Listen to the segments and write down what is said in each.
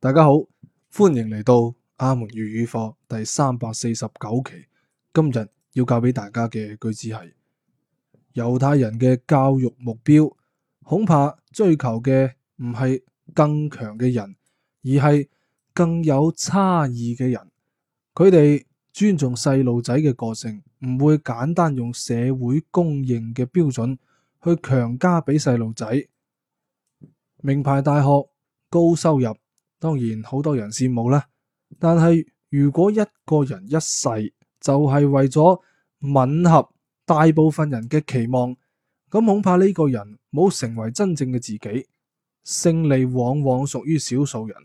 大家好，歡迎嚟到阿門粵語課第三百四十九期。今日要教俾大家嘅句子係：猶太人嘅教育目標，恐怕追求嘅唔係更強嘅人，而係更有差異嘅人。佢哋尊重細路仔嘅個性，唔會簡單用社會公認嘅標準去強加俾細路仔。名牌大學、高收入。當然，好多人羨慕啦。但係如果一個人一世就係為咗吻合大部分人嘅期望，咁恐怕呢個人冇成為真正嘅自己。勝利往往屬於少數人，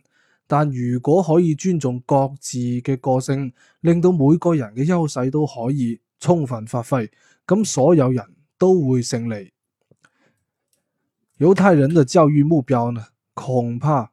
但如果可以尊重各自嘅個性，令到每個人嘅優勢都可以充分發揮，咁所有人都會勝利。猶太人嘅教育目標呢？恐怕。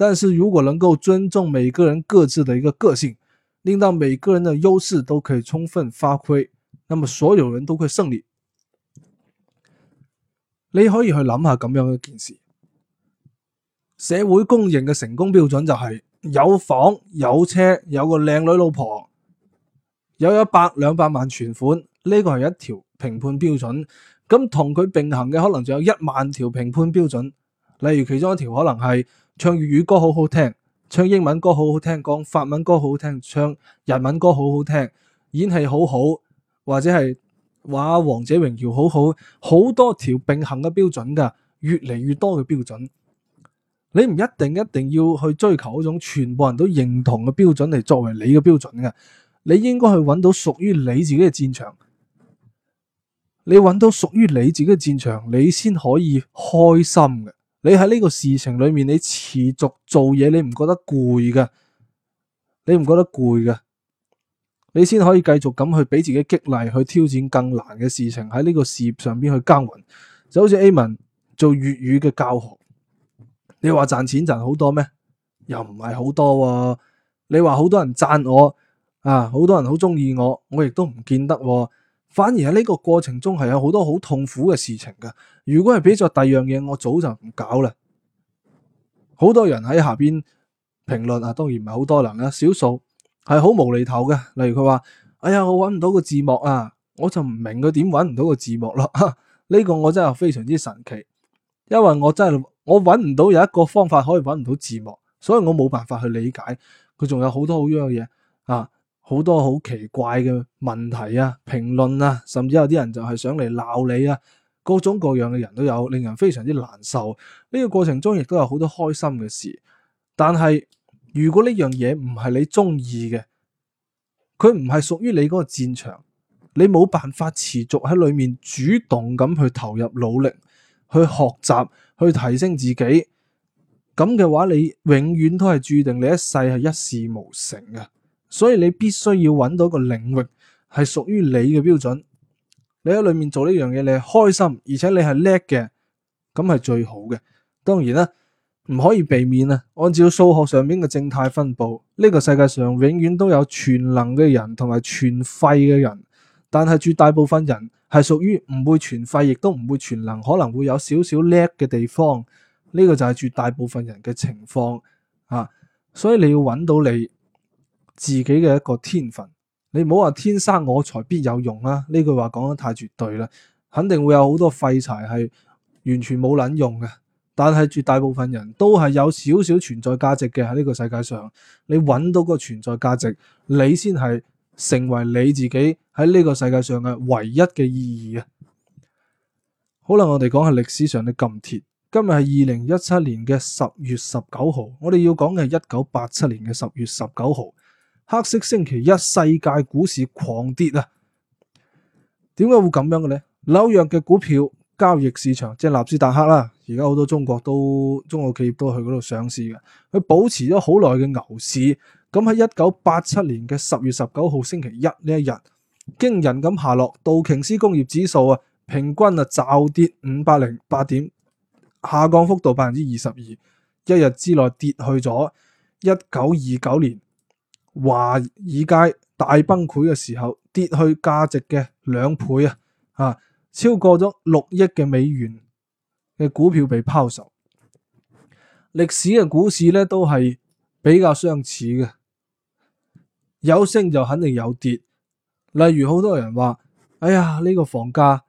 但是如果能夠尊重每個人各自的一個個性，令到每個人的優勢都可以充分發揮，那麼所有人都會勝利。你可以去諗下咁樣一件事，社會公認嘅成功標準就係、是、有房有車，有個靚女老婆，有一百兩百萬存款，呢、這個係一條評判標準。咁同佢並行嘅可能就有一萬條評判標準，例如其中一條可能係。唱粵語歌好好聽，唱英文歌好好聽，講法文歌好好聽，唱日文歌好好聽，演戲好好，或者係話王者榮耀好好，好多條並行嘅標準噶，越嚟越多嘅標準，你唔一定一定要去追求嗰種全部人都認同嘅標準嚟作為你嘅標準嘅，你應該去揾到屬於你自己嘅戰場，你揾到屬於你自己嘅戰場，你先可以開心嘅。你喺呢個事情裏面，你持續做嘢，你唔覺得攰噶？你唔覺得攰噶？你先可以繼續咁去俾自己激勵，去挑戰更難嘅事情，喺呢個事業上邊去耕耘。就好似阿門做粵語嘅教學，你話賺錢賺好多咩？又唔係好多喎。你話好多人讚我啊，好多人好中意我，我亦都唔見得喎。反而喺呢個過程中係有好多好痛苦嘅事情噶。如果係畀咗第二樣嘢，我早就唔搞啦。好多人喺下邊評論啊，當然唔係好多人啦，少數係好無厘頭嘅。例如佢話：，哎呀，我搵唔到個字幕啊，我就唔明佢點搵唔到個字幕咯。呢個我真係非常之神奇，因為我真係我搵唔到有一個方法可以搵唔到字幕，所以我冇辦法去理解佢。仲有好多好樣嘅嘢啊！好多好奇怪嘅問題啊、評論啊，甚至有啲人就係想嚟鬧你啊，各種各樣嘅人都有，令人非常之難受。呢個過程中亦都有好多開心嘅事，但係如果呢樣嘢唔係你中意嘅，佢唔係屬於你嗰個戰場，你冇辦法持續喺裏面主動咁去投入努力、去學習、去提升自己。咁嘅話，你永遠都係注定你一世係一事無成嘅。所以你必須要揾到個領域係屬於你嘅標準，你喺裏面做呢樣嘢，你係開心，而且你係叻嘅，咁係最好嘅。當然啦，唔可以避免啊。按照數學上面嘅正態分佈，呢個世界上永遠都有全能嘅人同埋全廢嘅人，但係絕大部分人係屬於唔會全廢，亦都唔會全能，可能會有少少叻嘅地方。呢個就係絕大部分人嘅情況啊。所以你要揾到你。自己嘅一個天分，你唔好話天生我材必有用啊！呢句話講得太絕對啦，肯定會有好多廢柴係完全冇撚用嘅。但係絕大部分人都係有少少存在價值嘅喺呢個世界上。你揾到個存在價值，你先係成為你自己喺呢個世界上嘅唯一嘅意義啊！好啦，我哋講下歷史上嘅咁鐵，今日係二零一七年嘅十月十九號，我哋要講嘅係一九八七年嘅十月十九號。黑色星期一，世界股市狂跌啊！點解會咁樣嘅咧？紐約嘅股票交易市場即係納斯達克啦，而家好多中國都中國企業都去嗰度上市嘅。佢保持咗好耐嘅牛市，咁喺一九八七年嘅十月十九號星期一呢一日，驚人咁下落，道瓊斯工業指數啊，平均啊驟跌五百零八點，下降幅度百分之二十二，一日之內跌去咗一九二九年，華爾街大崩潰嘅時候，跌去價值嘅兩倍啊！啊，超過咗六億嘅美元嘅股票被拋售。歷史嘅股市咧都係比較相似嘅，有升就肯定有跌。例如好多人話：哎呀，呢個房價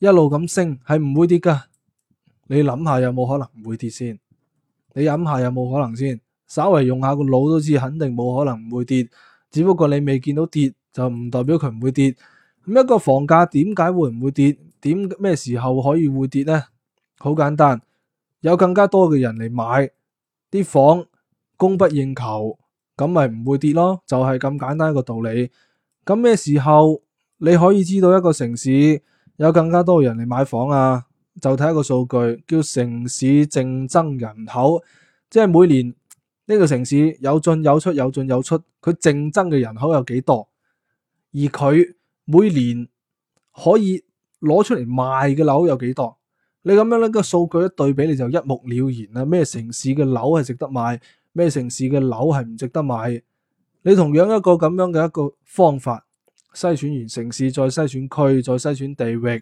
一路咁升，係唔會跌噶。你諗下有冇可能唔會跌先？你諗下有冇可能先？稍微用下個腦都知，肯定冇可能唔會跌。只不過你未見到跌，就唔代表佢唔會跌。咁一個房價點解會唔會跌？點咩時候可以會跌呢？好簡單，有更加多嘅人嚟買啲房，供不應求，咁咪唔會跌咯。就係咁簡單一個道理。咁咩時候你可以知道一個城市有更加多人嚟買房啊？就睇一個數據叫城市淨增人口，即係每年。呢個城市有進有出，有進有出，佢淨增嘅人口有幾多？而佢每年可以攞出嚟賣嘅樓有幾多？你咁樣咧，個數據一對比，你就一目了然啦。咩城市嘅樓係值得買？咩城市嘅樓係唔值得買？你同樣一個咁樣嘅一個方法，篩選完城市，再篩選區，再篩選地域。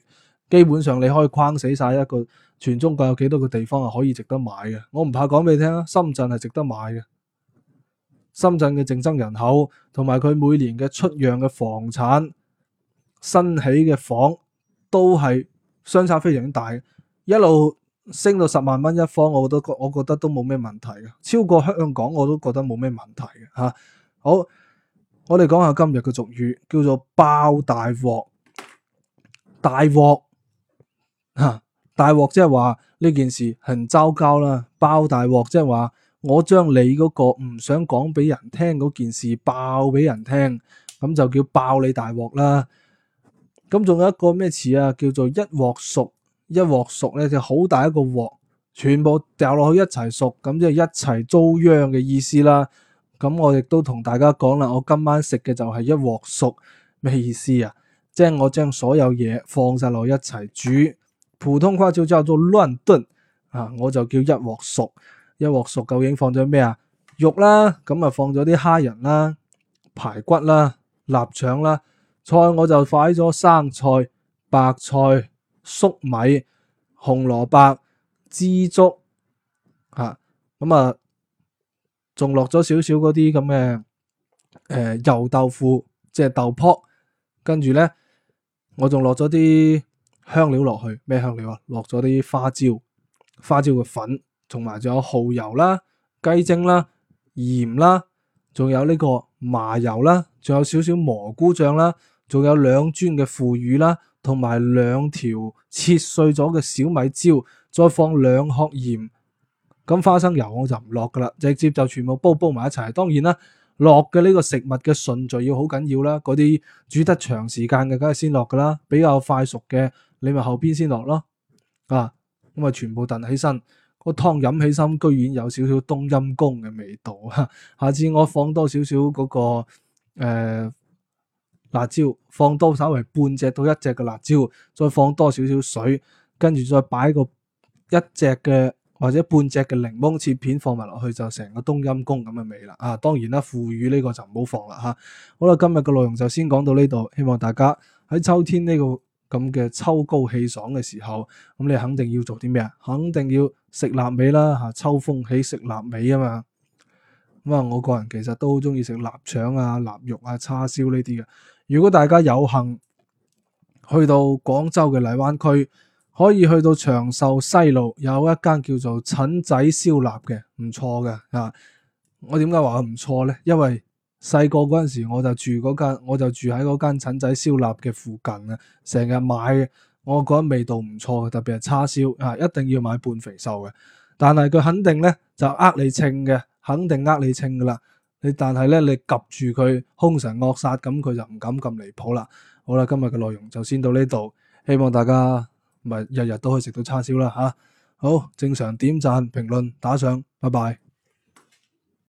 基本上你可以框死晒一個全中國有幾多個地方係可以值得買嘅。我唔怕講俾你聽啊，深圳係值得買嘅。深圳嘅淨增人口同埋佢每年嘅出讓嘅房產新起嘅房都係相差非常大嘅。一路升到十萬蚊一方，我覺得我我覺得都冇咩問題嘅。超過香港我都覺得冇咩問題嘅吓、啊。好，我哋講下今日嘅俗語，叫做爆大鑊，大鑊。吓、啊、大鑊，即係話呢件事很糟糕啦，爆大鑊，即係話我將你嗰個唔想講俾人聽嗰件事爆俾人聽，咁就叫爆你大鑊啦。咁仲有一個咩詞啊？叫做一鑊熟，一鑊熟咧就好、是、大一個鑊，全部掉落去一齊熟，咁即係一齊遭殃嘅意思啦。咁我亦都同大家講啦，我今晚食嘅就係一鑊熟，咩意思啊？即、就、係、是、我將所有嘢放晒落一齊煮。普通花椒叫做亂燉啊！我就叫一鑊熟，一鑊熟究竟放咗咩啊？肉啦，咁啊放咗啲蝦仁啦、排骨啦、臘腸啦，菜我就擺咗生菜、白菜、粟米、紅蘿蔔、枝竹，吓咁啊，仲落咗少少嗰啲咁嘅誒油豆腐，即係豆卜，跟住咧我仲落咗啲香料落去咩香料啊？落咗啲花椒、花椒嘅粉，同埋仲有蠔油啦、雞精啦、鹽啦，仲有呢個麻油啦，仲有少少蘑菇醬啦，仲有兩磚嘅腐乳啦，同埋兩條切碎咗嘅小米椒，再放兩殼鹽。咁花生油我就唔落噶啦，直接就全部煲煲埋一齊。當然啦，落嘅呢個食物嘅順序要好緊要啦。嗰啲煮得長時間嘅梗係先落噶啦，比較快熟嘅，你咪後邊先落咯，啊，咁啊全部燉起身，個湯飲起身居然有少少冬陰功嘅味道吓。下次我放多少少嗰個誒、呃、辣椒，放多稍微半隻到一隻嘅辣椒，再放多少少水，跟住再擺個一隻嘅或者半隻嘅檸檬切片放埋落去，就成個冬陰功咁嘅味啦。啊，當然啦，腐乳呢個就唔好放啦吓、啊。好啦，今日嘅內容就先講到呢度，希望大家喺秋天呢、這個。咁嘅秋高氣爽嘅時候，咁你肯定要做啲咩啊？肯定要食臘味啦，吓，秋風起食臘味啊嘛。咁啊，我個人其實都好中意食臘腸啊、臘肉啊、叉燒呢啲嘅。如果大家有幸去到廣州嘅荔灣區，可以去到長壽西路有一間叫做陳仔燒臘嘅，唔錯嘅啊。我點解話唔錯呢？因為細個嗰陣時，我就住嗰間，我就住喺嗰間陳仔燒臘嘅附近啊，成日買嘅，我覺得味道唔錯，特別係叉燒啊，一定要買半肥瘦嘅。但係佢肯定咧就呃你秤嘅，肯定呃你秤噶啦。你但係咧你及住佢凶神惡煞咁，佢就唔敢咁離譜啦。好啦，今日嘅內容就先到呢度，希望大家唔係日日都可以食到叉燒啦吓。好，正常點贊、評論、打賞，拜拜。